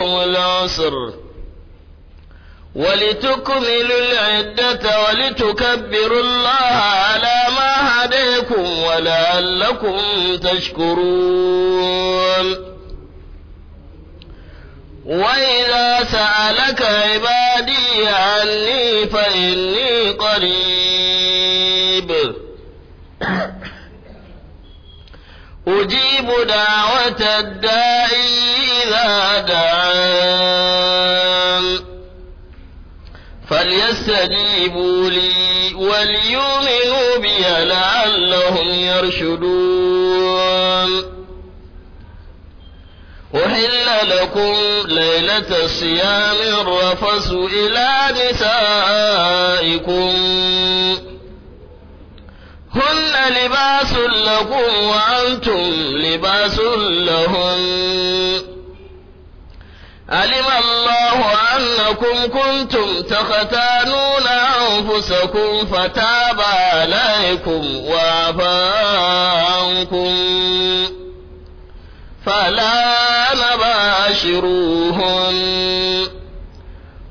والعصر ولتكملوا العدة ولتكبروا الله على ما هديكم ولعلكم تشكرون وإذا سألك عبادي عني فإني قريب أجيب دعوة الداعي إذا دعان فليستجيبوا لي وليؤمنوا بي لعلهم يرشدون أحل لكم ليلة الصيام الرفس إلى نسائكم هن لباس لكم وأنتم لباس لهم علم الله أنكم كنتم تختانون أنفسكم فتاب عليكم وعفى عنكم فلا نباشروهن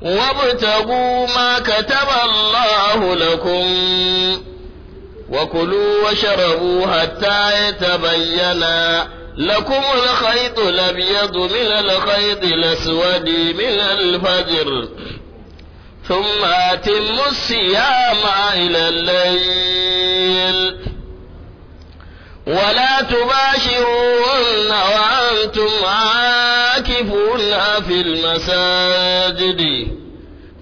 وابتغوا ما كتب الله لكم وكلوا واشربوا حتى يتبين لكم الخيط الأبيض من الخيط الأسود من الفجر ثم أتموا الصيام إلى الليل ولا تباشرون وأنتم عاكفون في المساجد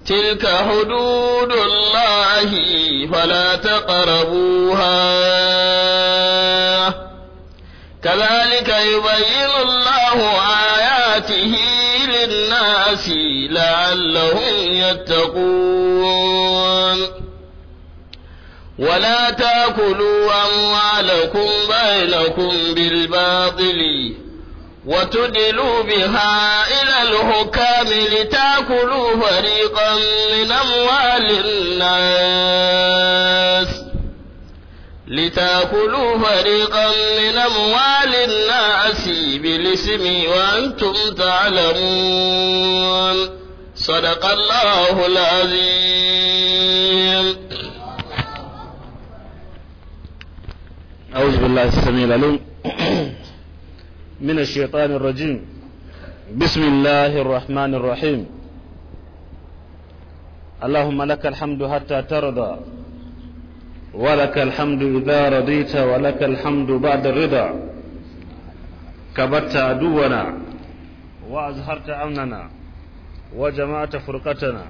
تلك حدود الله فلا تقربوها كذلك يبين الله آياته للناس لعلهم يتقون ولا تاكلوا أموالكم بينكم بالباطل وتدلوا بها إلى الحكام لتأكلوا فريقا من أموال الناس لتأكلوا فريقا من أموال الناس بالاسم وأنتم تعلمون صدق الله العظيم أعوذ بالله السميع العليم من الشيطان الرجيم بسم الله الرحمن الرحيم اللهم لك الحمد حتى ترضى ولك الحمد إذا رضيت ولك الحمد بعد الرضا كبرت عدونا وأزهرت أمننا وجمعت فرقتنا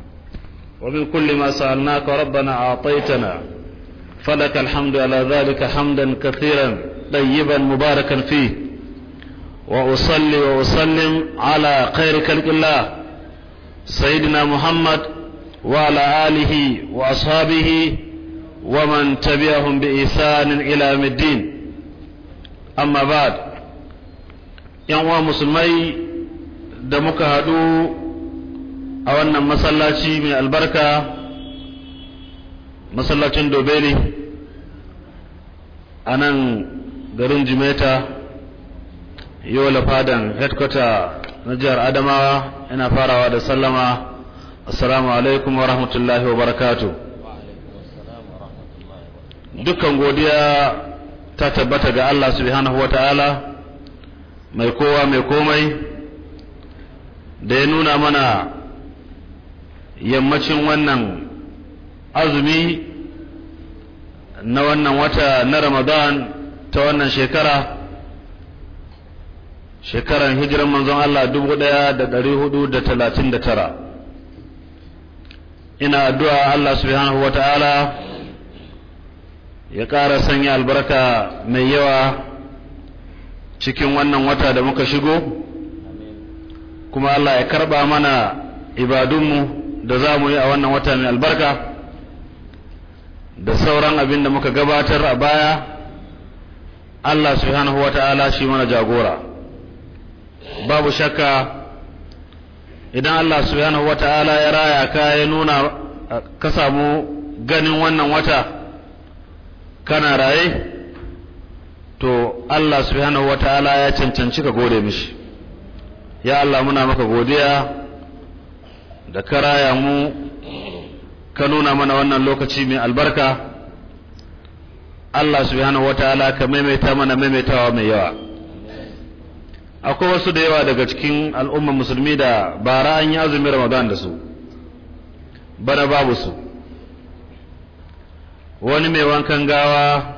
ومن كل ما سألناك ربنا أعطيتنا فلك الحمد على ذلك حمدا كثيرا طيبا مباركا فيه وأصلي وأسلم على خير خلق الله سيدنا محمد وعلى آله وأصحابه ومن تبعهم بإحسان إلى يوم الدين أما بعد يا مسلمي دمك هدو a wannan masallaci mai albarka masallacin dobeli a nan garin jimeta yau fadan headquarter na jihar adamawa yana farawa da sallama assalamu alaikum wa rahmatullahi wa barakatu dukkan godiya ta tabbata ga Allah subhanahu wa ta'ala mai kowa mai komai da ya nuna mana yammacin wannan azumi na wannan wata na ramadan ta wannan shekara shekaran hijiran manzon Allah dubu ɗaya da ɗari hudu da talatin da tara ina addu'a Allah subhanahu wa ta'ala ya ƙara sanya albarka mai yawa cikin wannan wata da muka shigo kuma Allah ya karɓa mana ibadunmu da za mu yi a wannan wata mai albarka da sauran abin da muka gabatar a baya Allah subhanahu wa ta'ala shi mana jagora babu shakka idan Allah subhanahu ta’ala ya raya ka ya nuna ka samu ganin wannan wata kana raye to Allah subhanahu ta’ala ya cancanci ka gode mishi ya Allah muna maka godiya da ka raya mu ka nuna mana wannan lokaci mai albarka Allah subhanahu ta’ala ka maimaita mana maimaitawa mai yawa akwai wasu da yawa daga cikin al'ummar musulmi da bara an yi azumin ramadan da su bana babu su wani mai wankan gawa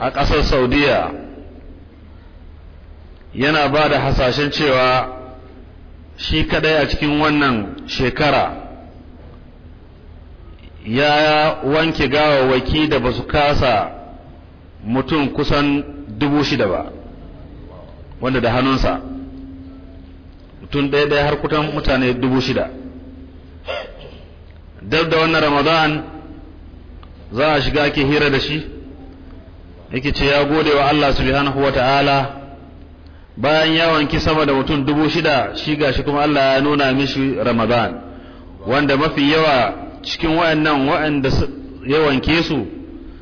a ƙasar saudiya yana ba da hasashen cewa shi kaɗai a cikin wannan shekara ya wanke waki da ba su kasa mutum kusan dubu shida ba wanda da hannunsa tun ɗaya ɗaya har kutan mutane dubu shida dab da wannan ramadan za a shiga ake hira da shi yake ce ya gode wa Allah subhanahu wa ta'ala bayan ya wanki sama da mutum dubu shida shi ga shi kuma Allah ya nuna mishi ramadan wanda mafi yawa cikin wa'annan wa'anda ya wanke su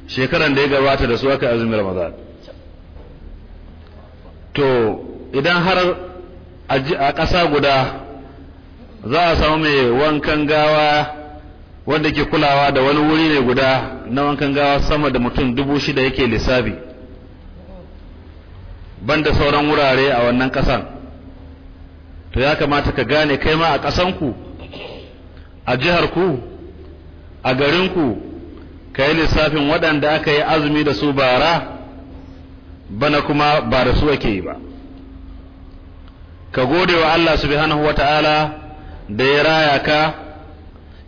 shekaran da ya gabata da su aka azumi ramadan to idan har a ƙasa guda za a samu mai wankan gawa wanda ke kulawa da wani wuri ne guda na wankan gawa sama da mutum dubu shida yake lissafi banda sauran wurare a wannan ƙasan to ya kamata ka gane kai ma a ƙasanku a jiharku a garinku ka yi lissafin waɗanda aka yi azumi da su bara bana kuma ba da su ake yi ba ka gode wa Allah subhanahu wata'ala da ya raya ka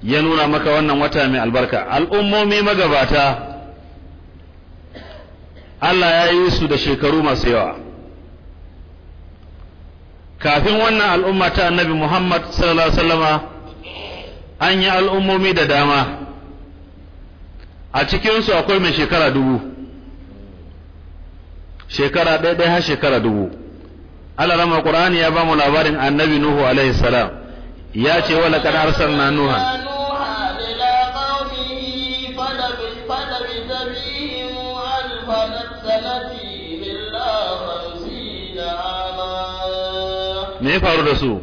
ya nuna maka wannan wata mai albarka al'ummomi magabata Allah ya yi su da shekaru masu yawa kafin wannan al'umma ta annabi Muhammad sallallahu alaihi al'ummomi da dama a cikinsu akwai mai shekara dubu shekara ɗaya ɗaya har shekara dubu Allah rama Qur'ani ya bamu labarin annabi Nuhu alaihi salam ya ce wa laqad arsalna nuha me ya faru da su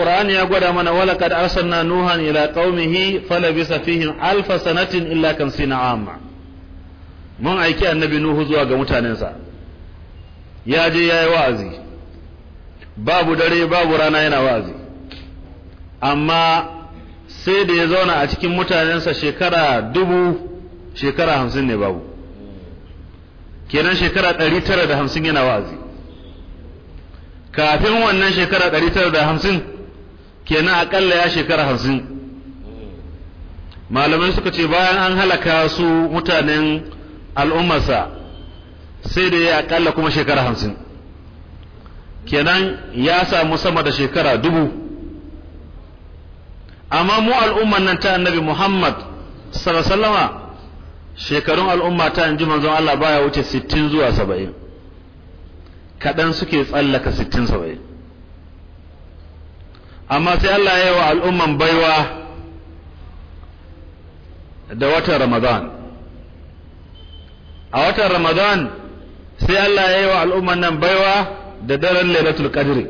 alqur'ani ya gwada mana walaqad arsalna nuhan ila qaumihi falabisa fihim alfasanatin, sanatin illa kamsina amma mun aiki annabi nuhu zuwa ga mutanensa ya je yayi wa'azi babu dare babu rana yana wa'azi amma sai da ya zauna a cikin mutanensa shekara dubu shekara hamsin ne babu kenan shekara ɗari tara da hamsin yana wa'azi kafin wannan shekara ɗari tara da hamsin kenan akalla ya shekara hamsin malamai suka ce bayan an halaka su mutanen al'ummarsa sai da ya akalla kuma shekara hamsin kenan ya samu sama da shekara dubu amma mu al'ummar nan ta annabi muhammad sallama shekarun al'umma ta ji manzon Allah baya wuce sittin zuwa saba'in kaɗan suke tsallaka sittin saba'in amma sai Allah ya yi wa al'umman baiwa da watan Ramadan a watan Ramadan sai Allah ya yi wa al'umman nan baiwa da daren Lailatul Qadri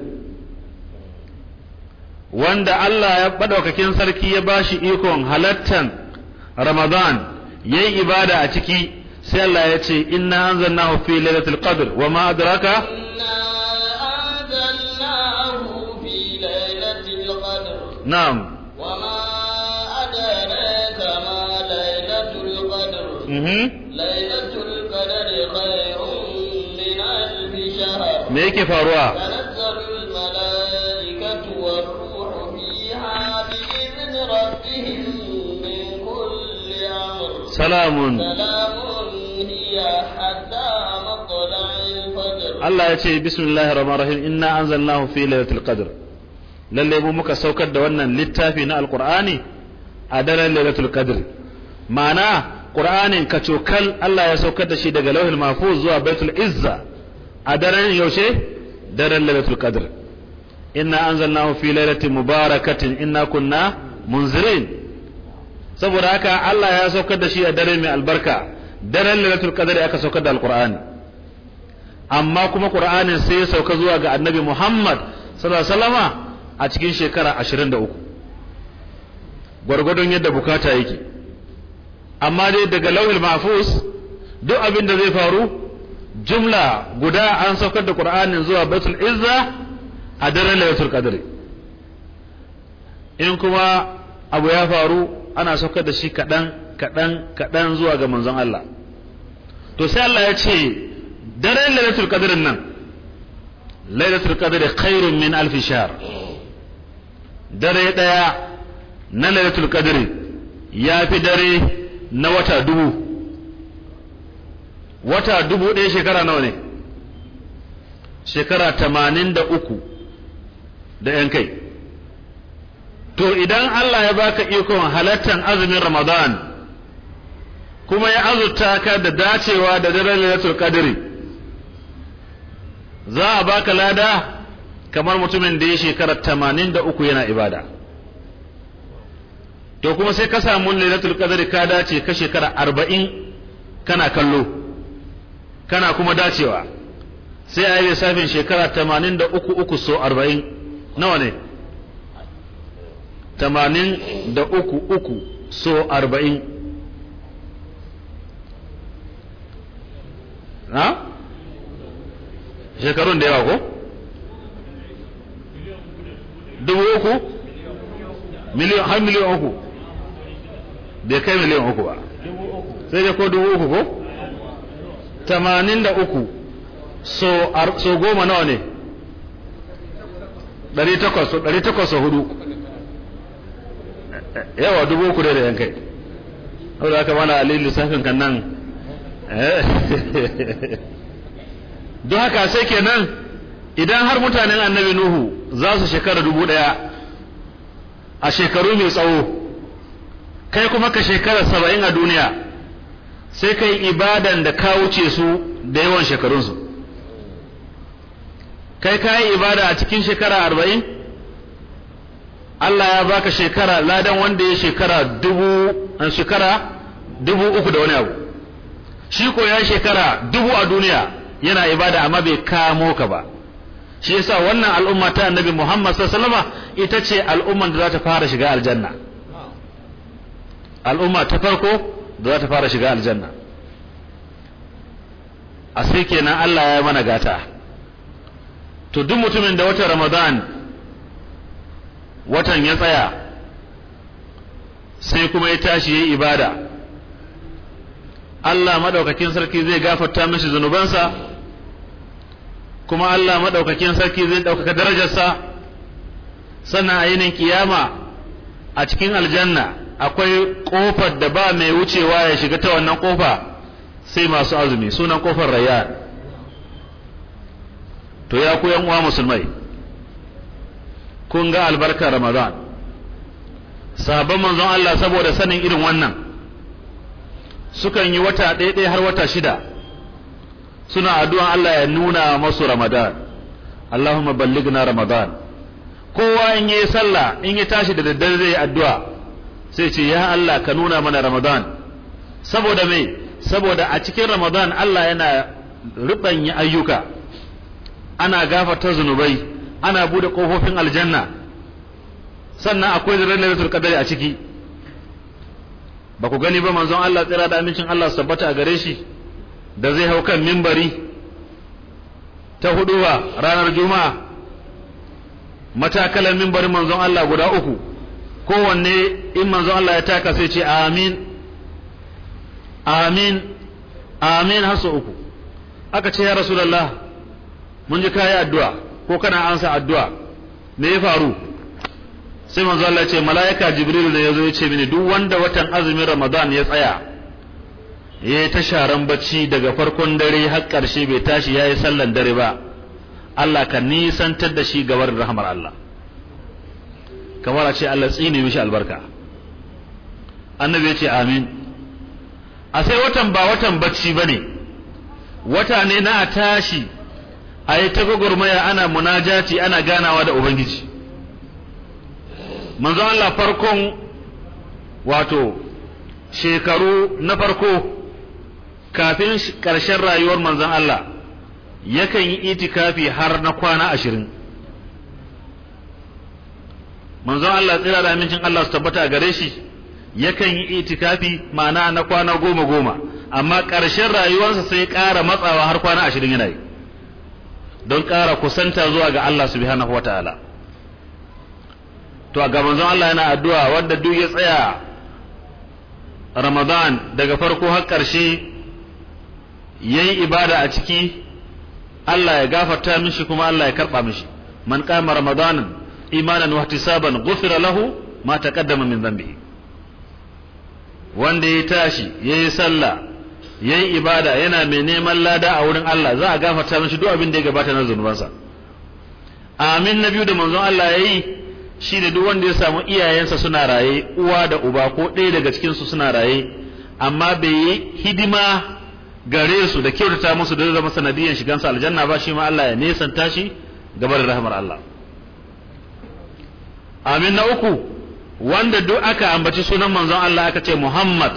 wanda Allah ya badaukakin sarki ya bashi ikon halattan Ramadan yayi ibada a ciki sai Allah ya ce inna anzalnahu fi lailatul qadr wa ma نعم وما أدريك ما ليلة القدر ليلة القدر خير من ألف شهر ميك فاروا تنزل الملائكة والروح فيها بإذن ربهم من كل أمر سلام سلام هي حتى مطلع الفجر الله يتي بسم الله الرحمن الرحيم إنا أنزلناه في ليلة القدر lalle mu muka saukar da wannan littafi na alqur'ani a daren lailatul qadr ma'ana qur'anin kacokal Allah ya saukar da shi daga lauhul mahfuz zuwa baitul izza a daren yaushe daren lailatul qadr inna anzalnahu fi lailatin mubarakatin inna kunna munzirin saboda haka Allah ya saukar da shi a dare mai albarka daren lailatul qadr aka saukar da alqur'ani amma kuma qur'anin sai ya sauka zuwa ga annabi Muhammad sallallahu alaihi wasallama a cikin shekara ashirin da uku gwargwadon yadda bukata yake amma dai daga lauhin mafus, duk abin da zai faru jumla guda an saukar da ƙura'anin zuwa batul izza a daren lailatul qadr in kuma abu ya faru ana saukar da shi kaɗan-kaɗan-kaɗan zuwa ga manzon Allah to sai Allah ya ce daren lailatul qadr nan lailatul qadr khairun min alfishar dare ɗaya na lailatul qadri ya fi dare na wata dubu wata dubu ɗaya shekara nawa ne shekara tamanin da uku da ‘yan kai to idan Allah ya baka ikon halattan azumin ramadan kuma ya azurta ka da dacewa da daren lailatul qadri za a baka lada kamar mutumin da ya shekara tamanin da uku yana ibada to kuma sai ka samu lailatul qadr ka dace ka shekara arba'in kana kallo kana kuma dacewa sai a yi lissafin shekara tamanin da uku uku so arba'in, nawa ne Tamanin da uku uku so arba'in, shekarun da yawa ko dubu uku miliyan har miliyan uku bai kai miliyan uku ba sai dai ko dubu uku ko tamanin da uku so goma nawa ne ɗari takwas ɗari takwas hudu yawa dubu uku da yan kai wadda aka mana alil lissafin kan nan eh. don haka sai kenan nan idan har mutanen annabi nuhu za su shekara dubu ɗaya a shekaru mai tsawo kai kuma ka shekara saba'in a duniya sai kai ibadan da ka wuce su da yawan shekarunsu kai ka yi ibada a cikin shekara arba'in Allah ya baka shekara ladan wanda ya shekara dubu an shekara dubu uku da wani abu shi ko ya shekara dubu a duniya yana ibada amma bai kamo ka ba shi yasa wannan al'umma ta annabi Muhammad sallallahu alaihi ita ce al'umman da za ta fara shiga aljanna al'umma ta farko da za ta fara shiga aljanna a sai kenan Allah ya yi mana gata to duk mutumin da watan Ramadan watan ya tsaya sai kuma ya tashi yayi ibada Allah madaukakin sarki zai gafarta mishi zunubansa kuma Allah maɗaukakin sarki zai ɗaukaka darajarsa sannan a yinin kiyama a cikin aljanna akwai ƙofar da ba mai wucewa ya shiga ta wannan kofa sai masu azumi sunan kofar rayyan to ya ku yan uwa musulmai kun ga albarka ramadan sabon manzon Allah saboda sanin irin wannan sukan yi wata ɗaya har wata shida suna addu'a Allah ya nuna masu Ramadan Allahumma ballighna Ramadan kowa in yi sallah in ya tashi da daddare zai addu'a sai ce ya Allah ka nuna mana Ramadan saboda me saboda a cikin Ramadan Allah yana rubanya ayyuka ana gafarta zunubai ana bude kofofin aljanna sannan akwai lailatul qadari a ciki ba ku gani ba manzon Allah tsira da amincin Allah sabbata a gare shi da zai hau kan mimbari ta huduwa ranar juma'a matakalar mimbarin manzon Allah guda uku kowanne in manzon Allah ya taka sai ce amin amin amin har uku aka ce ya Allah mun ji kayi addu'a ko kana ansa addu'a me ya faru sai manzon Allah ya ce mala'ika jibril ne zo ya ce mini duk wanda watan azumin ramadan ya tsaya ya yi ta sharan bacci daga farkon dare har ƙarshe bai tashi ya yi sallan dare ba Allah ka nisantar da shi gabar rahamar Allah kamar a ce Allah tsine mishi albarka annabi ya ce amin a sai watan ba watan bacci ba ne wata ne na a tashi a yi ta gwagwarmaya ana munajati ana ganawa da ubangiji manzo Allah farkon wato shekaru na farko kafin ƙarshen rayuwar manzon Allah yakan yi itikafi har na kwana ashirin manzon Allah tsira da amincin Allah su tabbata gare shi yakan yi itikafi ma'ana na kwana goma goma amma ƙarshen rayuwarsa sai ƙara matsawa har kwana ashirin yana yi don ƙara kusanta zuwa ga Allah biya na wata'ala to ga manzon Allah yana addu'a wanda duk ya tsaya Ramadan daga farko har ƙarshe yayi ibada a ciki Allah ya gafarta mishi kuma Allah ya karba mishi man qama ramadanan imanan wa ihtisaban ghufira lahu ma taqaddama min dhanbihi wanda ya tashi yayi sallah yayi ibada yana mai neman lada a wurin Allah za a gafarta mishi duk abin da ya gabata na zunubansa amin na biyu da manzon Allah yayi shi da duk wanda ya samu iyayensa suna raye uwa da uba ko ɗaya daga cikin su suna raye amma bai yi hidima gare su da kyautata musu da zama sanadiyan shigansu aljanna ba shi ma Allah ya nesanta shi gaba da rahmar Allah amin na uku wanda duk aka ambaci sunan manzon Allah aka ce Muhammad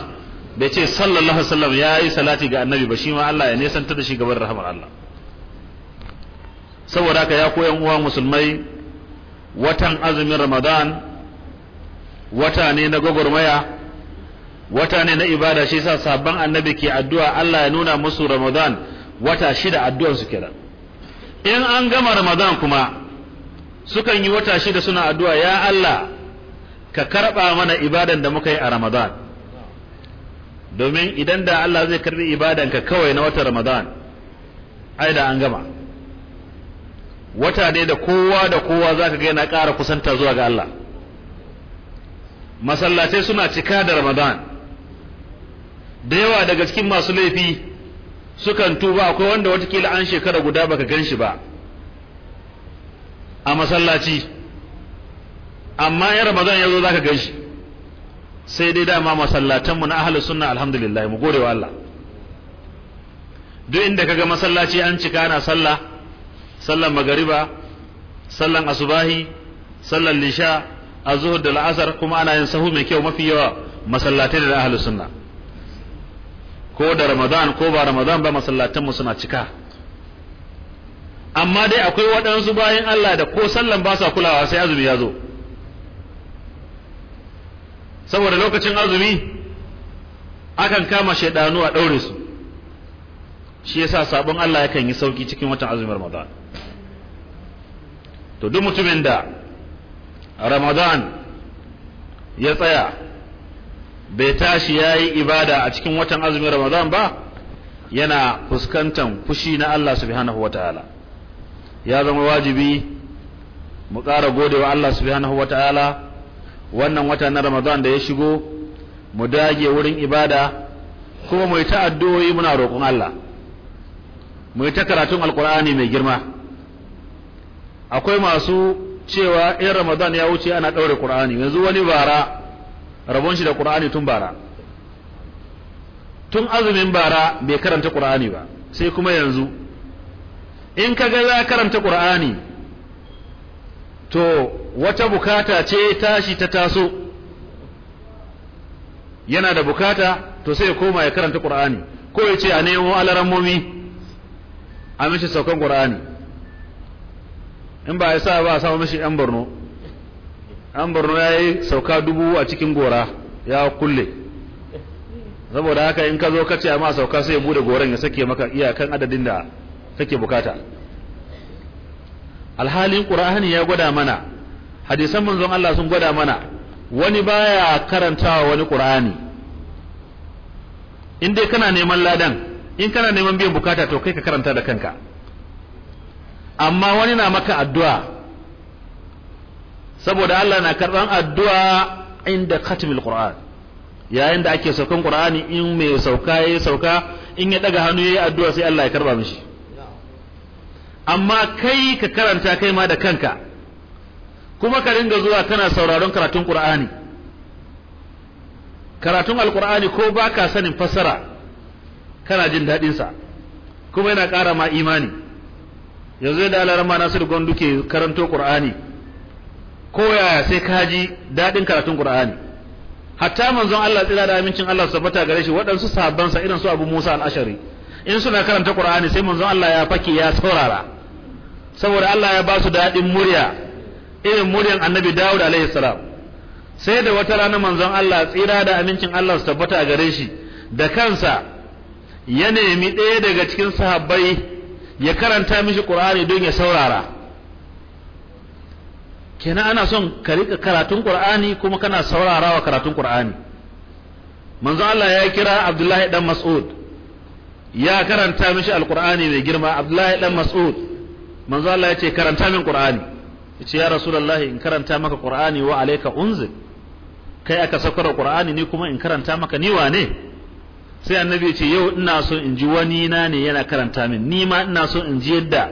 bai ce sallallahu alaihi wasallam ya yi salati ga annabi ba shi ma Allah ya nesanta da shi gaba da rahmar Allah saboda haka ya koyan uwa musulmai watan azumin Ramadan wata ne na gwagwarmaya wata ne na ibada shi sa sabon annabi ke addu'a Allah ya nuna musu Ramadan wata shida addu'ar su kenan in an gama Ramadan kuma sukan yi wata shida suna addu'a ya Allah ka karba mana ibadan da muka yi a Ramadan domin idan da Allah zai karbi ibadan ka kawai na wata Ramadan ai da an gama wata ne da kowa da kowa zaka ga yana ƙara kusanta zuwa ga Allah masallatai suna cika da Ramadan da yawa daga cikin masu laifi sukan tuba akwai wanda watakila an shekara guda baka gan shi ba a masallaci amma in ramadan ya zo za ka gan shi sai dai dama masallatanmu na ahalus sunna alhamdulillah mu gode wa Allah duk inda kaga masallaci an cika ana sallah sallan magariba sallan asubahi sallan lisha azuhur da la'asar kuma ana yin sahu mai kyau mafi yawa masallatai da ahli sunna ko da ramadan ko ba ramadan ba masallatanmu suna cika amma dai akwai waɗansu bayan Allah da ko sallan ba sa kulawa sai azumi ya zo saboda lokacin azumi akan kama shaidanu a ɗaure su shi yasa sabon Allah yakan yi sauki cikin watan azumi ramadan to duk mutumin da ramadan ya tsaya bai tashi yi ibada a cikin watan azumin Ramadan ba yana fuskantar fushi na Allah subhanahu ta'ala ya zama wajibi mu ƙara godewa Allah subhanahu ta'ala wannan watan na Ramadan da ya shigo mu dage wurin ibada kuma mu yi ta addu'o'i muna roƙon Allah mu yi ta karatun alkur'ani mai girma akwai masu cewa in Ramadan ya wuce ana ɗaure Qur'ani yanzu wani bara rabon shi da qur'ani tun bara tun azumin bara bai karanta qur'ani ba sai kuma yanzu in ka ga za karanta qur'ani to wata bukata ce tashi ta taso yana da bukata to sai ya koma ya karanta qur'ani ko ya ce a nemo alarammomi a mishi saukan qur'ani in ba ya sa ba a samu mishi yan borno an borno ya yi sauka dubu a cikin gora ya kulle saboda haka in ka zo ka ce a ma sauka sai ya bude goren ya sake maka iyakan adadin da kake bukata alhalin qur'ani ya gwada mana hadisan manzon Allah sun gwada mana wani baya karantawa wani qur'ani in dai kana neman ladan in kana neman biyan bukata to kai ka karanta da kanka amma wani na maka addu'a saboda Allah na karban addu'a inda katimil qur'an yayin da ake saukan qur'ani in mai sauka ya sauka in ya ɗaga hannu ya yi addu'a sai Allah ya karɓa mishi amma kai ka karanta kai ma da kanka kuma ka ringa zuwa kana sauraron karatun ƙura’ani karatun alqur'ani ko ba ka sanin fassara kana jin daɗinsa. kuma yana ƙara ma imani yanzu yadda Allah rama Nasiru gwandu ke karanto ƙura’ani ko yaya sai ka ji daɗin karatun Qur'ani hatta manzon Allah tsira da amincin Allah su bata gare shi waɗansu sahabban sa irin su Abu Musa al-Ashari in suna karanta Qur'ani sai manzon Allah ya fake ya saurara saboda Allah ya ba su daɗin murya irin muryan Annabi Dawud alaihi salam sai da wata rana manzon Allah tsira da amincin Allah su a gare shi da kansa ya nemi ɗaya daga cikin sahabbai ya karanta mishi Qur'ani don ya saurara kenan ana son ka rika karatun qur'ani kuma kana saurarawa karatun qur'ani manzo Allah ya kira Abdullahi dan Mas'ud ya karanta mishi alqur'ani mai girma Abdullahi dan Mas'ud manzo Allah ya ce karanta min qur'ani yace ya rasulullahi in karanta maka qur'ani wa alayka unzil kai aka saukar qur'ani ni kuma in karanta maka ni wane sai annabi ya ce yau ina so in ji wani na ne yana karanta min ni ma ina so in ji yadda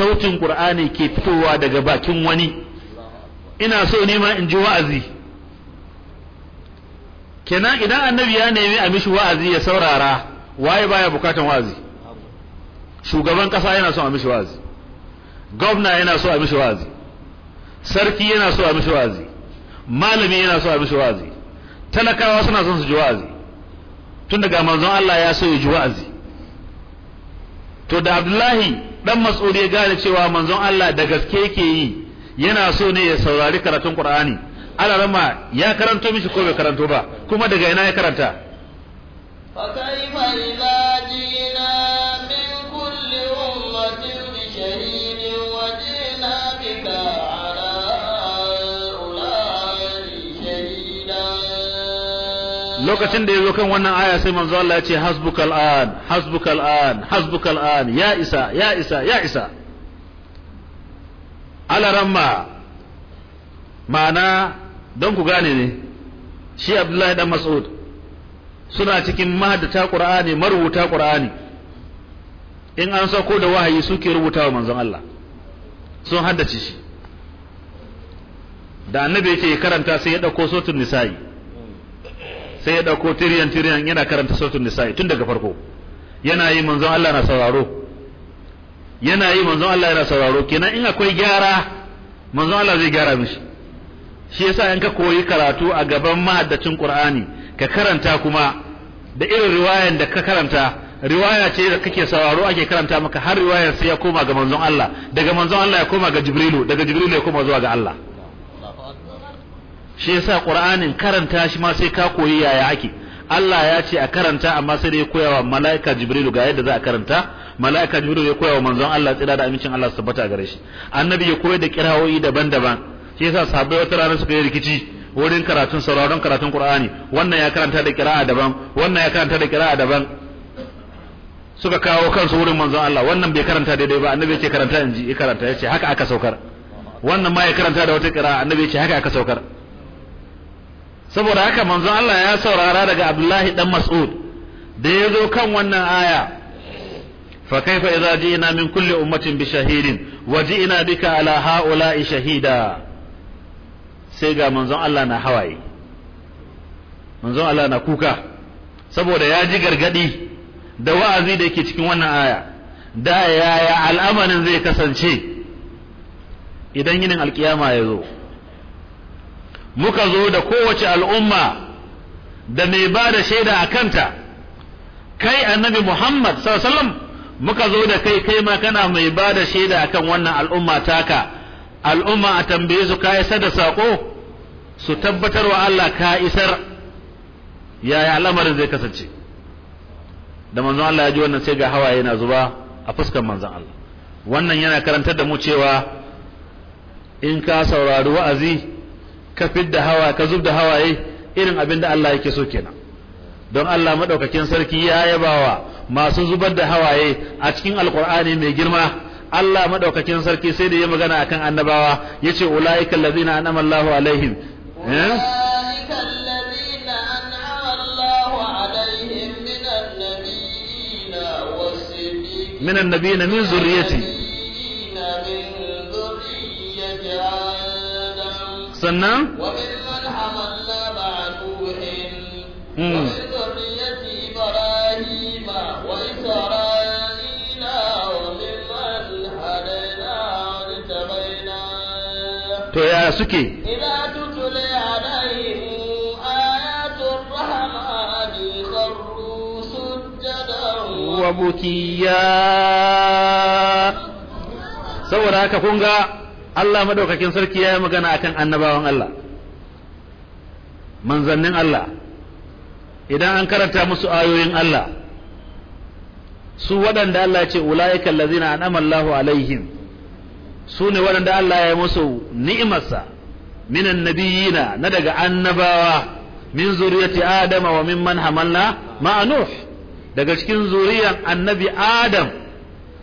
sautin qur'ani ke fitowa daga bakin wani ina so ne ma in ji wa'azi kenan idan annabi ya nemi a mishi wa'azi ya saurara waye baya bukatan wa'azi shugaban kasa yana so a mishi wa'azi gwamna yana so a mishi wa'azi sarki yana so a mishi wa'azi malami yana so a mishi wa'azi talakawa suna son su ji wa'azi tun daga manzon Allah ya so ya ji wa'azi to da Abdullahi dan Mas'ud ya gane cewa manzon Allah da gaske yake yi yana so ne ya saurari karatun Qur'ani alarama ya karanto mishi ko bai karanto ba kuma daga ina ya karanta فكيف lokacin da ya zo kan wannan aya sai manzo Allah ya ce hasbukal an hasbukal an hasbukal an ya isa ya isa ya isa alaramma ma'ana don ku gane ne shi abdullahi dan mas'ud suna cikin mahadata qur'ani marubuta qur'ani in an sauko da wahayi suke rubutawa manzon Allah sun haddace shi da annabi yake karanta sai ya dauko sotun nisa'i sai ya dauko tiriyan tiriyan yana karanta sotun nisa'i tun daga farko yana yi manzon Allah na sauraro yana yi manzon Allah yana sauraro kenan in akwai gyara manzon Allah zai gyara mishi shi yasa in ka koyi karatu a gaban mahaddacin Qur'ani ka karanta kuma da irin riwayan da ka karanta riwaya ce da kake sauraro ake karanta maka har riwayar sai ya koma ga manzon Allah daga manzon Allah ya koma ga Jibrilu daga Jibrilu ya koma zuwa ga Allah shi yasa Qur'anin karanta shi ma sai ka koyi yaya ake Allah ya ce a karanta amma sai da ya wa mala'ika Jibrilu ga yadda za a karanta mala'ika jibril ya koya wa manzon Allah tsira da amincin Allah su tabbata gare shi annabi ya koyar da kirawoyi daban-daban shi yasa sahabbai wata rana suka yi rikici wurin karatun sauraron karatun Qur'ani wannan ya karanta da kira'a daban wannan ya karanta da kira'a daban suka kawo kansu wurin manzon Allah wannan bai karanta daidai ba annabi ce karanta inji ya karanta yace haka aka saukar wannan ma ya karanta da wata kira'a annabi ce haka aka saukar saboda haka manzon Allah ya saurara daga Abdullahi dan Mas'ud da ya zo kan wannan aya فكيف إذا جئنا من كل أمة بشهيد وجئنا بك على هؤلاء شهيدا سيغا منزون الله نا هواي منزون الله نا كوكا saboda ya ji gargadi da wa'azi da yake cikin wannan aya da yaya al'amarin zai kasance idan yinin alkiyama ya zo muka zo da kowace al'umma da mai ba da shaida a kanta kai annabi muhammad sallallahu muka zo da kai kai ma kana mai ba da shaida akan wannan al'umma taka al'umma a tambaye su ka isar da sako su tabbatar wa Allah ka isar yaya al'amarin zai kasance da manzon Allah ya ji wannan sai ga hawaye na zuba a fuskar manzon Allah wannan yana karantar da mu cewa in ka saurari wa'azi ka fidda hawa ka zub da hawaye irin abinda Allah yake so kenan don Allah madaukakin sarki ya yabawa masu zubar da hawaye a cikin alkur'ani mai girma Allah madaukakin sarki sai da ya magana akan annabawa yace ulaiikal ladina an'ama Allahu alaihim من النبيين من ذريتي سنة ومن حملنا مع نوح to ya suke saboda haka kun ga Allah madaukakin sarki ya yi magana akan annabawan Allah manzannin Allah idan an karanta musu ayoyin Allah su waɗanda Allah ce ula'ikan lazina an'ama Allahu alaihim su ne waɗanda Allah ya musu ni'imarsa minan nabiyina na daga annabawa min zuriyati adama wa man hamalna ma'a daga cikin zuriyan annabi adam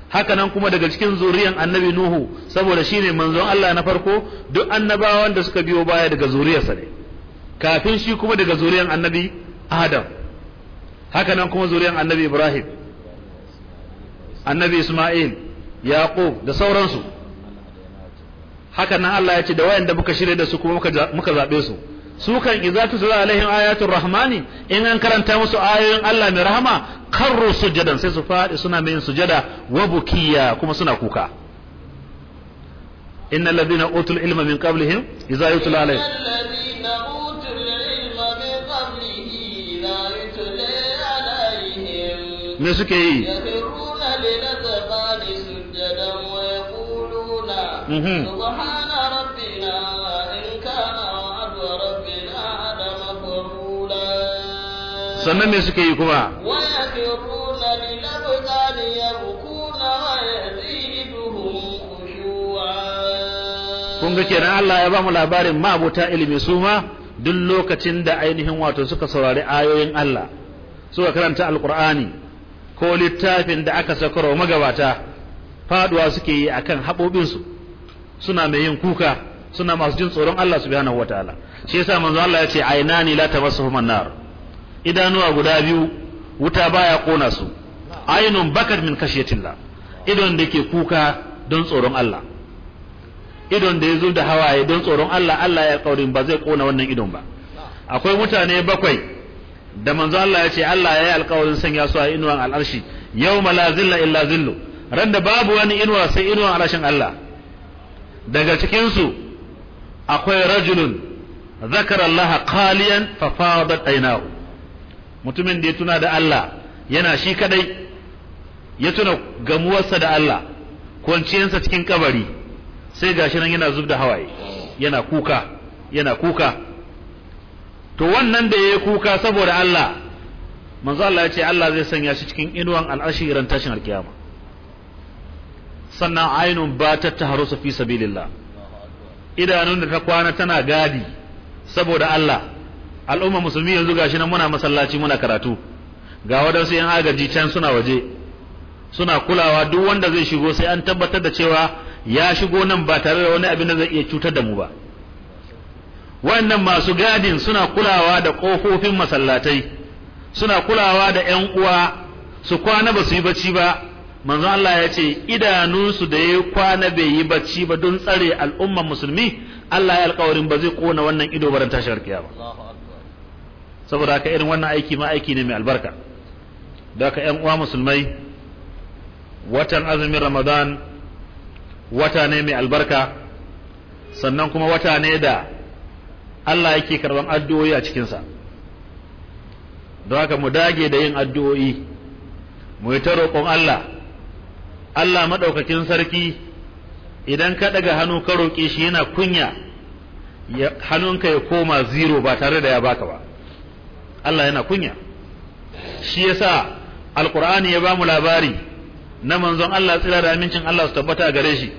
haka nan kuma daga cikin zuriyan annabi nuhu saboda shine manzon Allah na farko duk annabawan da suka biyo baya daga zuriyarsa ne kafin shi kuma daga zuriyan annabi adam haka nan kuma zuriyan annabi ibrahim annabi isma'il yaqub da sauransu haka nan Allah ya ce da wayanda muka shirye da su kuma muka muka zabe su su kan idza tusla alaihim ayatul rahmani in an karanta musu ayoyin Allah mai rahama karru sujadan sai su fadi suna mai sujada wa bukiya kuma suna kuka innal ladina utul ilma min qablihim idza yutla alaihim me suke yi Mm-hmm. سبحان ربنا إن كان وعد sannan me suka yi kuma kun ga kenan Allah ya ba mu labarin ma'abuta ilimi su ma duk lokacin da ainihin wato suka saurari ayoyin Allah suka karanta alqur'ani ko littafin da aka sakarwa magabata faduwa suke yi akan haɓoɓinsu. suna mai yin kuka suna masu jin tsoron Allah subhanahu wataala shi yasa manzo Allah ya ce aynani la tamassuhum annar idanuwa guda biyu wuta baya kona su aynun bakat min kashiyatillah idon da ke kuka don tsoron Allah idon da ya da hawaye don tsoron Allah Allah ya kaurin ba zai kona wannan idon ba akwai mutane bakwai da manzo Allah ya Allah ya yi alkawarin sanya su a inuwan al'arshi yau la zilla illa zillu ran babu wani inuwa sai inuwan alashin Allah daga cikinsu akwai rajulun zakar Allah qaliyan fa fadat mutumin da ya tuna da Allah yana shi kadai ya tuna gamuwarsa da Allah kwanciyarsa cikin kabari sai gashi nan yana zubda hawaye yana kuka yana kuka to wannan da yayi kuka saboda Allah manzo Allah ya ce Allah zai sanya shi cikin inuwan al'ashiran tashin alkiyama sannan ainihin ba ta taharusu fi sabilillah idanun da ta kwana tana gadi saboda Allah al'umma musulmi yanzu gashi nan muna masallaci muna karatu ga wadansu yan agaji can suna waje suna kulawa duk wanda zai shigo sai an tabbatar da cewa ya shigo nan ba tare da wani abin da zai iya cutar da mu ba wannan masu gadin suna kulawa da kofofin masallatai suna kulawa da yan uwa su kwana ba su yi bacci ba manzo Allah ya ce idanunsu da ya kwana bai yi bacci ba don tsare al'umman musulmi Allah ya alƙawarin ba zai kona wannan ido baran tashar kiyama saboda haka irin wannan aiki ma aiki ne mai albarka da haka ƴan uwa musulmai watan azumin Ramadan wata ne mai albarka sannan kuma wata ne da Allah yake karban addu'o'i a cikinsa don haka mu dage da yin addu'o'i mu yi ta roƙon Allah Allah madaukakin sarki idan ka daga hannu ka roƙe shi yana kunya hannunka ya koma zero ba tare da ya baka ba Allah yana kunya shi yasa alqur'ani ya bamu labari na manzon Allah tsira da amincin Allah su tabbata gare shi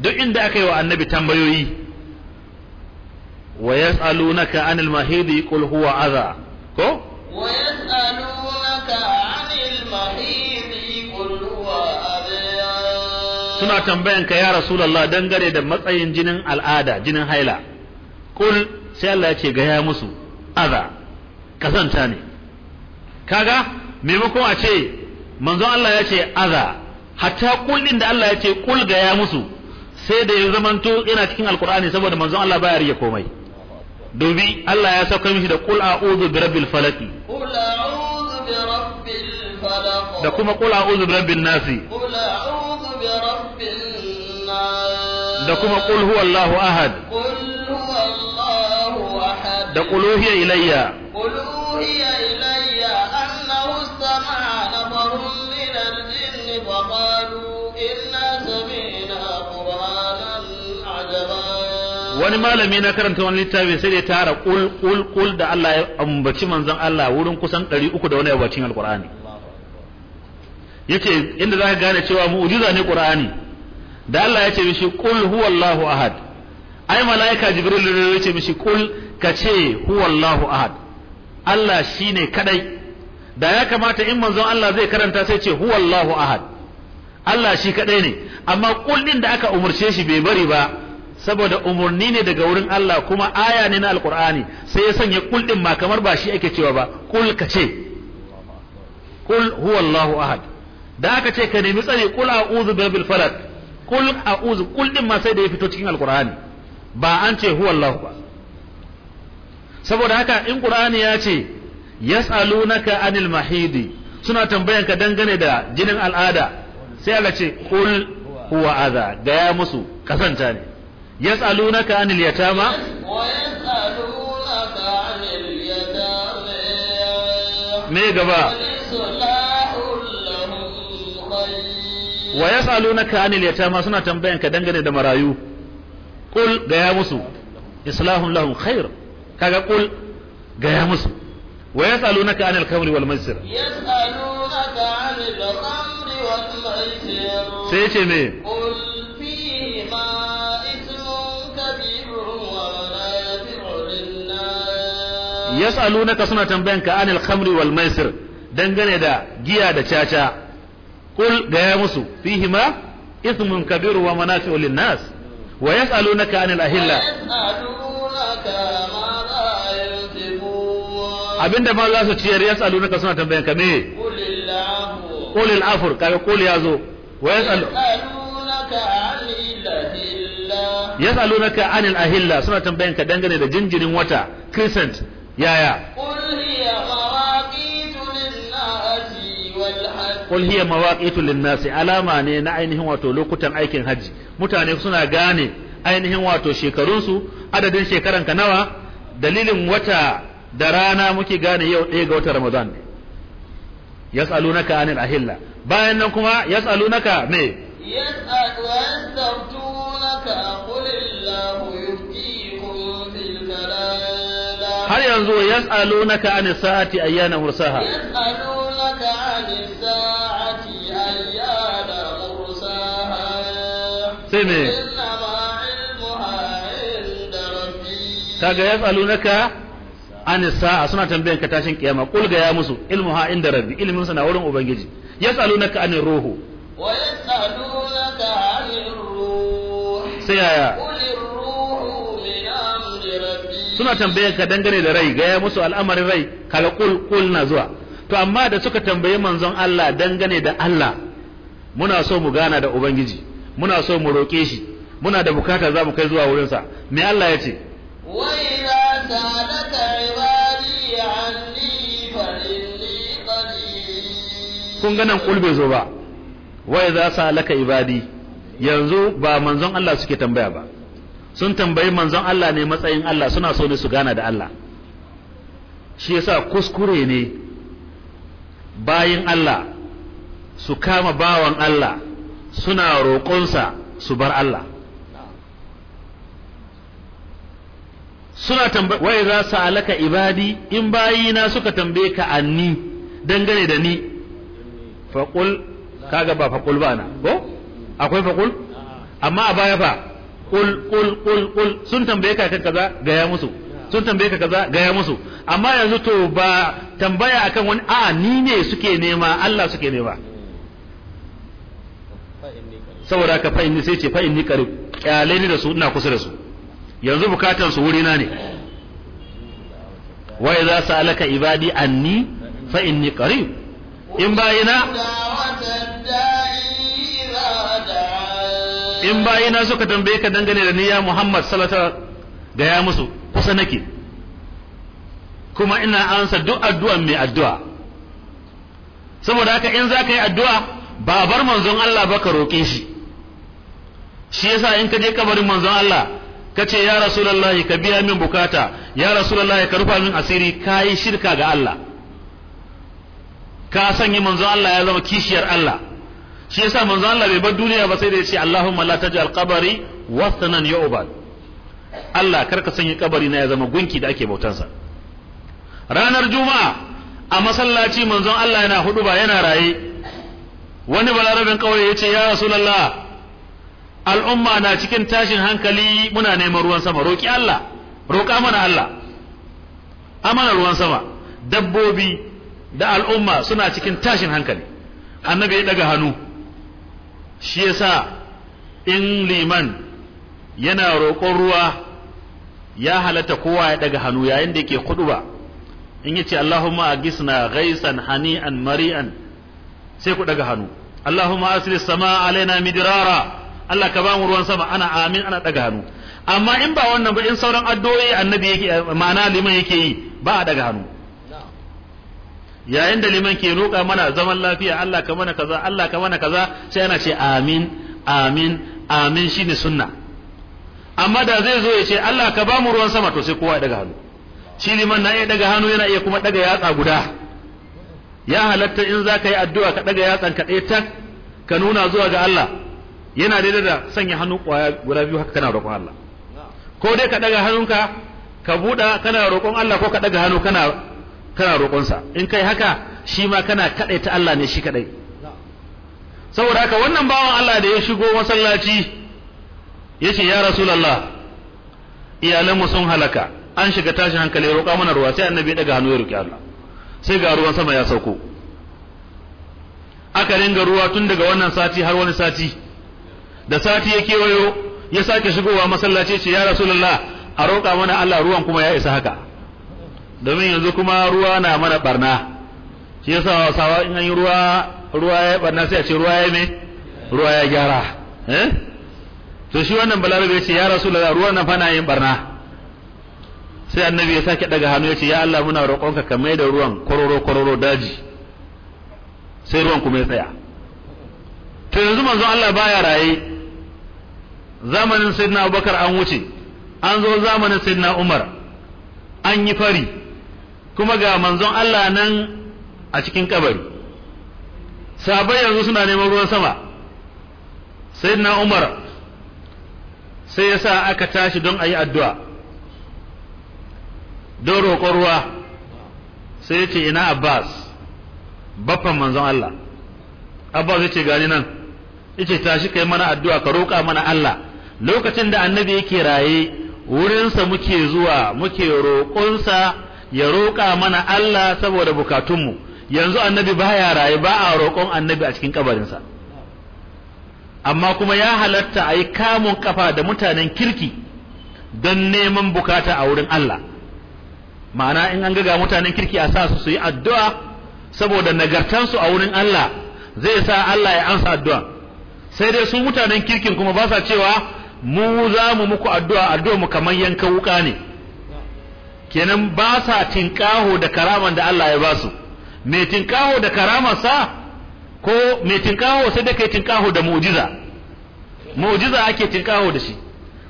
duk inda aka yi wa annabi tambayoyi wa yas'alunaka anil mahidi qul huwa adha ko wa yas'alunaka anil mahidi suna tambayan ka ya rasulullah dangare da matsayin jinin al'ada jinin haila kul sai Allah ya ce ga musu aza kazanta ne kaga maimakon a ce manzon Allah ya ce aza hatta kul din da Allah ya ce kul gaya musu sai da ya zamanto yana cikin alkur'ani saboda manzon Allah baya rike komai dobi Allah ya sauka mishi da kul a'udhu bi rabbil falaq kul a'udhu bi da kuma kul a'udhu bi rabbin nasi da kuma qul huwallahu ahad qul huwallahu ahad da qul huwa ilayya qul huwa ilayya annahu sama'a nafarun min al-jinn fa qalu inna sami'na qur'anan ajaba wani malami na karanta wani littafi sai da tara qul qul qul da Allah ya ambaci manzon Allah wurin kusan 300 da wani yabacin alqur'ani yace inda zaka gane cewa mu'jiza ne qur'ani da Allah ya ce mishi kul huwallahu ahad ai malaika jibril ya ce mishi kul ka ce huwallahu ahad Allah shine kadai da ya kamata in manzon Allah zai karanta sai ce huwallahu ahad Allah shi kadai ne amma kul din da aka umurce shi bai bari ba saboda umurni ne daga wurin Allah kuma aya ne na alqur'ani sai ya sanya kul din ma kamar ba shi ake cewa ba kul ka ce kul huwallahu ahad da aka ce ka nemi tsare kul a'udhu birabbil falaq kul a'udhu kul din ma sai da ya fito cikin alqur'ani ba an ce huwallahu ba saboda haka in qur'ani ya ce yas'alunaka anil mahidi suna ka dangane da jinin al'ada sai Allah ce kul huwa adha gaya musu kasanta ne yas'alunaka anil yatama me gaba wa yas'alunaka anil yatama suna tambayan ka dangane da marayu Kul ga ya musu islahun lahum khair kaga kul ga ya musu wa yas'alunaka anil khamri wal maisir yas'alunaka anil khamri wal maisir sai ce me qul fi ma ismun kabirun wa manafi'u lin-nas yas'alunaka suna tambayan ka anil khamri wal maisir dangane da giya da caca qul ga ya musu fihima ismun kabiru wa manafi'u lin-nas wa yas'alunaka 'anil ahilla abinda ma za su ciyar yas'alunaka suna tambayan ka me qul al-afur kaga qul yazo wa yas'alunaka 'anil ahilla yas'alunaka 'anil ahilla suna tambayan ka dangane da jinjirin wata crescent yaya qul hiya mawaqitu lin nasi alama ne na ainihin wato lokutan aikin haji mutane suna gane ainihin wato shekarun su adadin shekaran ka nawa dalilin wata da rana muke gane yau ɗaya ga watan Ramadan ne yas'alunaka anil ahilla bayan nan kuma yas'alunaka me yas'alunaka qul illahu har yanzu yas'alunaka anis sa'ati ayyana mursaha yas'alunaka anis sa'ati ayyana mursaha sai me kaga yas'alunaka anis sa'a suna tambayan tashin kiyama kul ga ya musu ilmuha inda rabbi ilmin sana na wurin ubangiji yas'alunaka anir ruhu wa yas'alunaka anir ruh sai yaya suna tambayar ka dangane da rai gaya musu al'amarin rai kala kul kul na zuwa to amma da suka tambayi manzon Allah dangane da Allah muna so mu gana da ubangiji muna so mu roke shi muna da bukata za mu kai zuwa wurinsa me Allah ya ce wa ibadi anni kun ga nan kulbe zo ba za sa laka ibadi yanzu ba manzon Allah suke tambaya ba sun tambayi manzon Allah ne matsayin Allah suna so ne su gana da Allah shi yasa kuskure ne bayin Allah su kama bawan Allah suna roƙonsa su bar Allah suna tambaye wai za su alaka ibadi in bayina suka tambaye ka anni dangane da ni faqul kaga ba faƙul ba na ko akwai faƙul? amma a baya fa kul kul kul kul sun tambaye ka kan kaza gaya musu sun tambaye ka kaza gaya musu amma yanzu to ba tambaya akan wani a ni ne suke nema Allah suke nema saboda ka fa inni sai ce fa inni qarib kyale ni da su ina kusa da su yanzu bukatan su wurina ne wa idza sa'alaka ibadi anni fa inni qarib in bayina in bayina suka tambaye ka dangane da ni ya Muhammad salata ga ya musu kusa nake kuma ina ansa duk addu'a mai addu'a saboda haka in za ka yi addu'a ba bar manzon Allah ba ka roƙe shi shi yasa in ka je kabarin manzon Allah ka ce ya rasulullahi ka biya min bukata ya rasulullahi ka rufa min asiri ka yi shirka ga Allah ka sanya manzon Allah ya zama kishiyar Allah shi yasa manzo Allah bai bar duniya ba sai da yace Allahumma la taj'al qabari wasnan yu'bad Allah ka sanya kabari na ya zama gunki da ake sa. ranar juma'a a masallaci manzon Allah yana hudu ba yana raye wani balarabin kauye yace ya rasulullah al'umma na cikin tashin hankali muna neman ruwan sama roki Allah roka mana Allah amana ruwan sama dabbobi da al'umma suna cikin tashin hankali annabi ya daga hannu shi yasa in liman yana roƙon ruwa ya halatta kowa ya daga hannu yayin da yake ba in yace Allahumma agisna ghaisan hani'an mari'an sai ku daga hannu Allahumma asli sama alaina midrara Allah ka ba mu ruwan sama ana amin ana daga hannu amma in ba wannan ba in sauran addu'o'i annabi yake ma'ana liman yake yi ba a daga hannu yayin da liman ke roƙa mana zaman lafiya Allah ka mana kaza Allah ka mana kaza sai ana ce amin amin amin shine sunna amma da zai zo ya ce Allah ka ba mu ruwan sama to sai kowa ya daga hannu shi liman na iya daga hannu yana iya kuma daga yatsa guda ya halatta in za ka yi addu'a ka daga yatsan ka ɗaya tak ka nuna zuwa ga Allah yana daidai da sanya hannu kwaya guda biyu haka kana roƙon Allah ko dai ka daga hannunka ka buɗa kana roƙon Allah ko ka daga hannu kana kana roƙonsa in kai haka shi ma kana ta Allah ne shi kaɗai saboda haka wannan bawan Allah da ya shigo masallaci ya ce ya rasulallah iyalanmu sun halaka an shiga tashin hankali roƙa mana ruwa sai annabi daga hannu ya roƙi Allah sai ga ruwan sama ya sauko aka ringa ruwa tun daga wannan sati har wani sati da sati ya kewayo ya sake shigowa masallaci ce ya rasu rasulallah a roƙa mana Allah ruwan kuma ya isa haka domin yanzu kuma ruwa na mana barna shi yasa wasawa in an yi ruwa ruwa ya barna sai a ce ruwa ya me ruwa ya gyara eh to shi wannan balarabe ya ce ya rasulullah ruwan nan fa na yin barna sai annabi ya sake daga hannu ya ce ya Allah muna roƙonka ka mai da ruwan kororo kororo daji sai ruwan kuma ya tsaya to yanzu manzo Allah baya raye zamanin sayyidina Abubakar an wuce an zo zamanin sayyidina Umar an yi fari kuma ga manzon Allah nan a cikin kabari sahabbai yanzu suna neman ruwan sama sayyidina Umar sai ya sa aka tashi don a yi addu'a don roƙon ruwa sai ya ce ina Abbas baffan manzon Allah Abbas ya ce gani nan yace tashi kai mana addu'a ka roƙa mana Allah lokacin da annabi yake raye wurinsa muke zuwa muke roƙonsa ya roƙa mana Allah saboda bukatunmu yanzu annabi baya rayu, ba a roƙon annabi a cikin kabarinsa amma kuma ya halatta a yi kamun kafa da mutanen kirki don neman bukata a wurin Allah ma'ana in an gaga mutanen kirki a sa su yi addu'a saboda nagartansu a wurin Allah zai sa Allah ya ansa addu'a sai dai su mutanen kirkin kuma ba sa cewa mu za mu muku addu'a addu'a mu kamar yanka wuka ne kenan ba sa tinkaho da karaman da Allah ya ba su mai tinkaho da karamarsa ko mai tinkaho sai da kai tinkaho da mu'jiza mu'jiza ake tinkaho da shi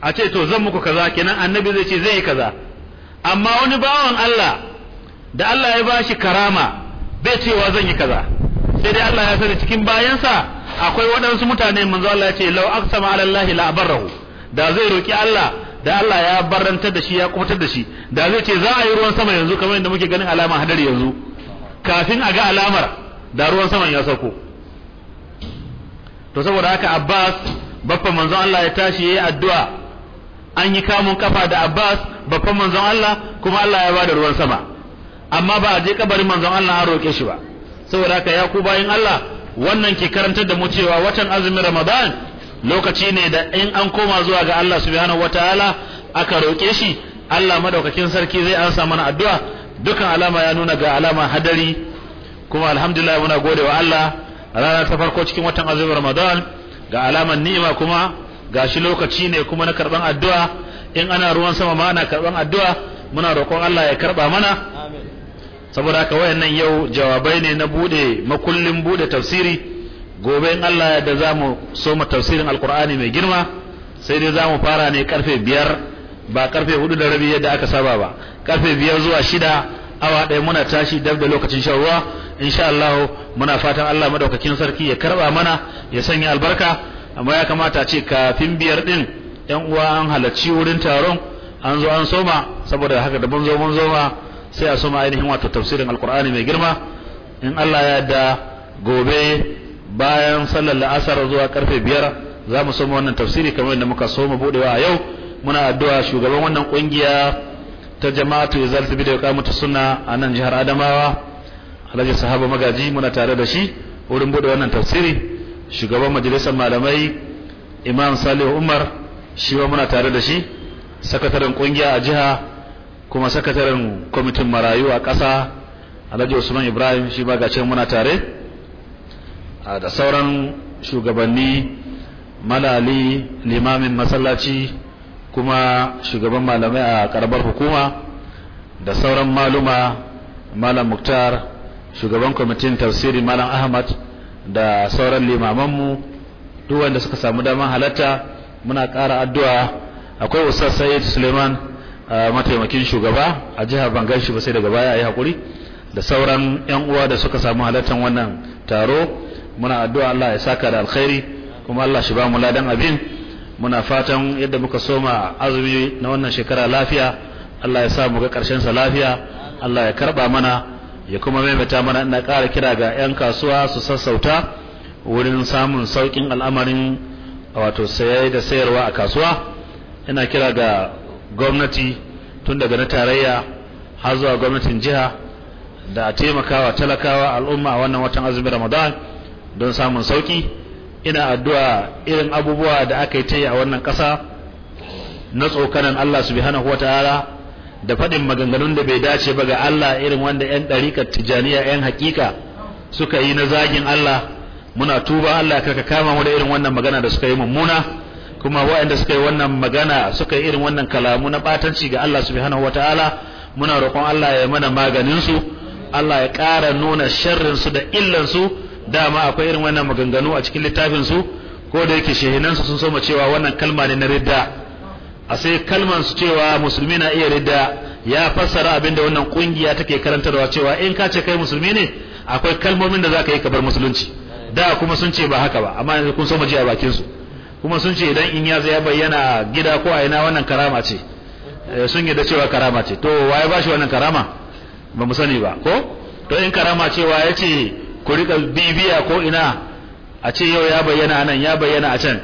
a ce to zan muku kaza kenan annabi zai ce zai yi kaza amma wani bawan Allah da Allah ya bashi karama bai cewa zan yi kaza sai dai Allah ya sani cikin bayansa akwai waɗansu mutane manzo Allah ya ce law aqsama ala Allah la abarahu da zai roki Allah da Allah ya barantar da shi ya kubutar da shi da zai ce za a yi ruwan sama yanzu kamar yadda muke ganin alama hadari yanzu kafin a ga alamar da ruwan saman ya sauko to saboda haka Abbas baffan manzon Allah ya tashi yayi addu'a an yi kamun kafa da Abbas baffan manzon Allah kuma Allah ya bada ruwan sama amma ba a je kabarin manzon Allah an roke shi ba saboda haka ya ku bayin Allah wannan ke karantar da mu cewa watan azumin Ramadan lokaci ne da in an koma zuwa ga Allah subhanahu wataala aka roke shi Allah madaukakin sarki zai ansa mana addu'a dukan alama ya nuna ga alama hadari kuma alhamdulillah muna gode wa Allah rana ta farko cikin watan azumin Ramadan ga alaman ni'ima kuma ga shi lokaci ne kuma na karban addu'a in ana ruwan sama ma ana karban addu'a muna roƙon Allah ya karba mana saboda haka wayannan yau jawabai ne na bude makullin bude tafsiri gobe in Allah ya da za mu soma tafsirin alkur'ani mai girma sai dai za mu fara ne karfe biyar ba karfe hudu da rabi yadda aka saba ba karfe biyar zuwa shida awa ɗaya muna tashi dab da lokacin shan ruwa insha Allah muna fatan Allah madaukakin sarki ya karba mana ya sanya albarka amma ya kamata ce kafin biyar din yan uwa an halarci wurin taron an zo an soma saboda haka da mun zo mun zoma sai a soma ainihin wato tafsirin alkur'ani mai girma in Allah ya yarda gobe bayan sallar la'asar zuwa karfe biyar za mu soma wannan tafsiri kamar yadda muka soma budewa a yau muna addu'a shugaban wannan kungiya ta jama'atu ya bi da ya ta suna a nan jihar adamawa alhaji sahaba magaji muna tare da shi wurin bude wannan tafsiri shugaban majalisar malamai imam salihu umar shi ma muna tare da shi sakataren kungiya a jiha kuma sakataren kwamitin marayu a ƙasa alhaji usman ibrahim shi ma ga muna tare da sauran shugabanni malali limamin masallaci kuma shugaban malamai a karbar hukuma da sauran maluma malam muktar shugaban kwamitin tafsiri malam ahmad da sauran limamanmu duk wanda suka samu daman halatta muna ƙara addu'a akwai ustaz sayyid suleiman mataimakin shugaba a jihar bangashi ba sai daga baya a yi haƙuri da sauran 'yan uwa da suka samu halattar wannan taro muna addu'a Allah ya saka da alkhairi kuma Allah shi ba mu ladan abin muna fatan yadda muka soma azumi na wannan shekara lafiya Allah ya sa mu ga karshen sa lafiya Allah ya karba mana ya kuma maimaita mana ina ƙara kira ga 'yan kasuwa su sassauta wurin samun sauƙin al'amarin wato saye da sayarwa a kasuwa ina kira ga gwamnati tun daga na tarayya har zuwa gwamnatin jiha da taimakawa talakawa al'umma a wannan watan azumin ramadan don samun sauki ina addu'a irin abubuwa da aka yi ta a wannan ƙasa na tsokanan Allah subhanahu da faɗin maganganun da bai dace ba ga Allah irin wanda 'yan ɗarikar tijaniya 'yan hakika suka yi na zagin Allah muna tuba Allah kaka kama mu da irin wannan magana da suka yi mummuna kuma waɗanda suka yi wannan magana suka yi irin wannan kalamu na ɓatanci ga Allah subhanahu muna roƙon Allah ya mana maganin su Allah ya ƙara nuna sharrinsu da illan su dama akwai irin wannan maganganu a cikin littafin su ko da yake shehinan su sun soma cewa wannan kalma ne na ridda a sai kalman su cewa musulmi na iya ridda ya fassara abinda wannan kungiya take karantarwa cewa in ka ce kai musulmi ne akwai kalmomin da zaka yi kabar musulunci da kuma sun ce ba haka ba amma yanzu kun soma ji a bakin su kuma sun ce idan in ya ya bayyana gida ko a ina wannan karama ce eh, sun da cewa karama ce to waye ba shi wannan karama ba mu sani ba ko to in karama cewa ya ce ku rika bibiya ko ina a ce yau ya bayyana nan ya bayyana a can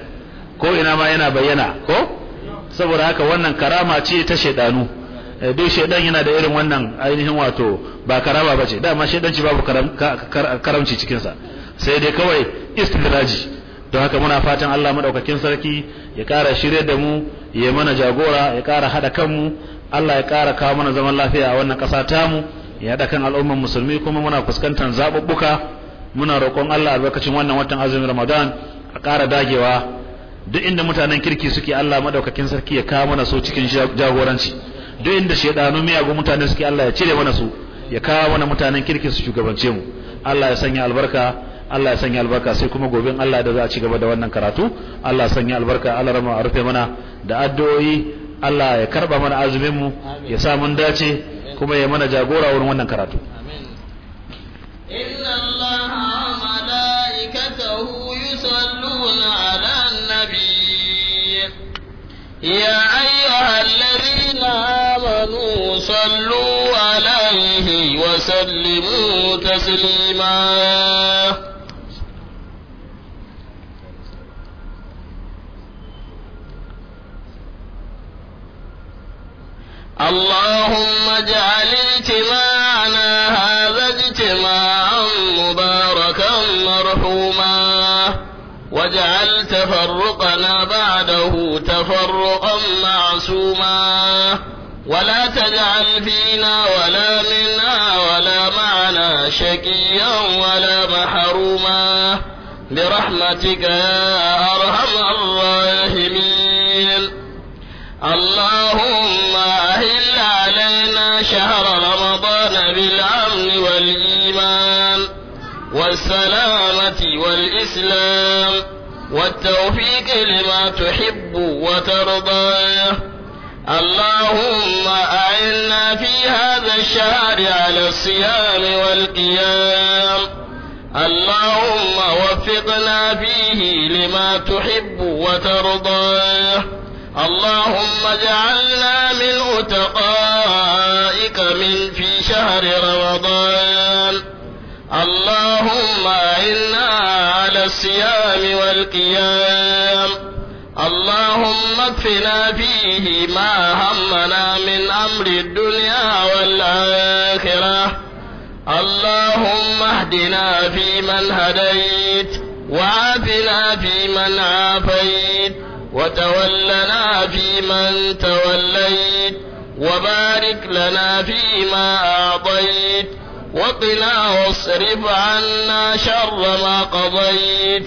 ko ina ma yana bayyana ko saboda haka wannan karama ce ta shaidanu eh, duk shaidan yana da irin wannan ainihin wato ba karama ba ce dama ci babu karamci cikinsa sai dai kawai istidraji don haka muna fatan Allah madaukakin sarki ya kara shirye da mu ya mana jagora ya kara hada kanmu Allah ya kara kawo mana zaman lafiya a wannan kasa tamu ya haɗa kan al'ummar musulmi kuma muna fuskantar zaɓuɓɓuka muna roƙon Allah albarkacin wannan watan azumin Ramadan a ƙara dagewa duk inda mutanen kirki suke Allah madaukakin sarki ya kawo mana su cikin jagoranci duk inda shaidanu miyagu mutane suke Allah ya cire mana su ya kawo mana mutanen kirki su shugabance mu Allah ya sanya albarka Allah ya sanya albarka sai kuma gobe Allah da za a ci gaba da wannan karatu Allah ya sanya albarka Allah rama a rufe mana da addu'o'i Allah ya karba mana azumin mu ya sa mun dace kuma ya mana jagora wurin wannan karatu inna allaha wa malaikatahu yusalluna ala annabi يا أيها الذين آمنوا صلوا عليه وسلموا تسليما تفرقا معصوما ولا تجعل فينا ولا منا ولا معنا شقيا ولا محروما برحمتك يا أرحم الراحمين اللهم أهل علينا شهر رمضان بالأمن والإيمان والسلامة والإسلام والتوفيق لما تحب وترضى اللهم أعنا في هذا الشهر على الصيام والقيام اللهم وفقنا فيه لما تحب وترضى اللهم اجعلنا من أتقائك من في شهر رمضان اللهم إنا على الصيام والقيام اللهم اكفنا فيه ما همنا من أمر الدنيا والآخرة اللهم اهدنا فيمن هديت وعافنا فيمن عافيت وتولنا فيمن توليت وبارك لنا فيما أعطيت وقنا واصرف عنا شر ما قضيت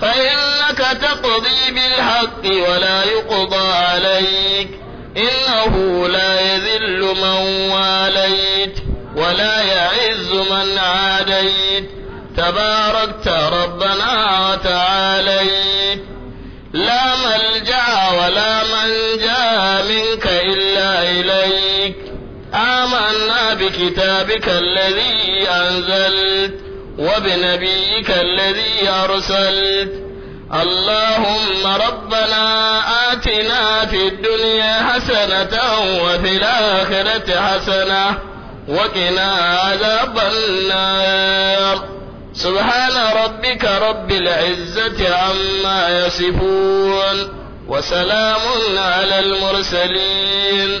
فإنك تقضي بالحق ولا يقضى عليك إنه لا يذل من واليت ولا يعز من عاديت تباركت ربنا وتعاليت بكتابك الذي أنزلت وبنبيك الذي أرسلت اللهم ربنا آتنا في الدنيا حسنة وفي الآخرة حسنة وقنا عذاب النار سبحان ربك رب العزة عما يصفون وسلام على المرسلين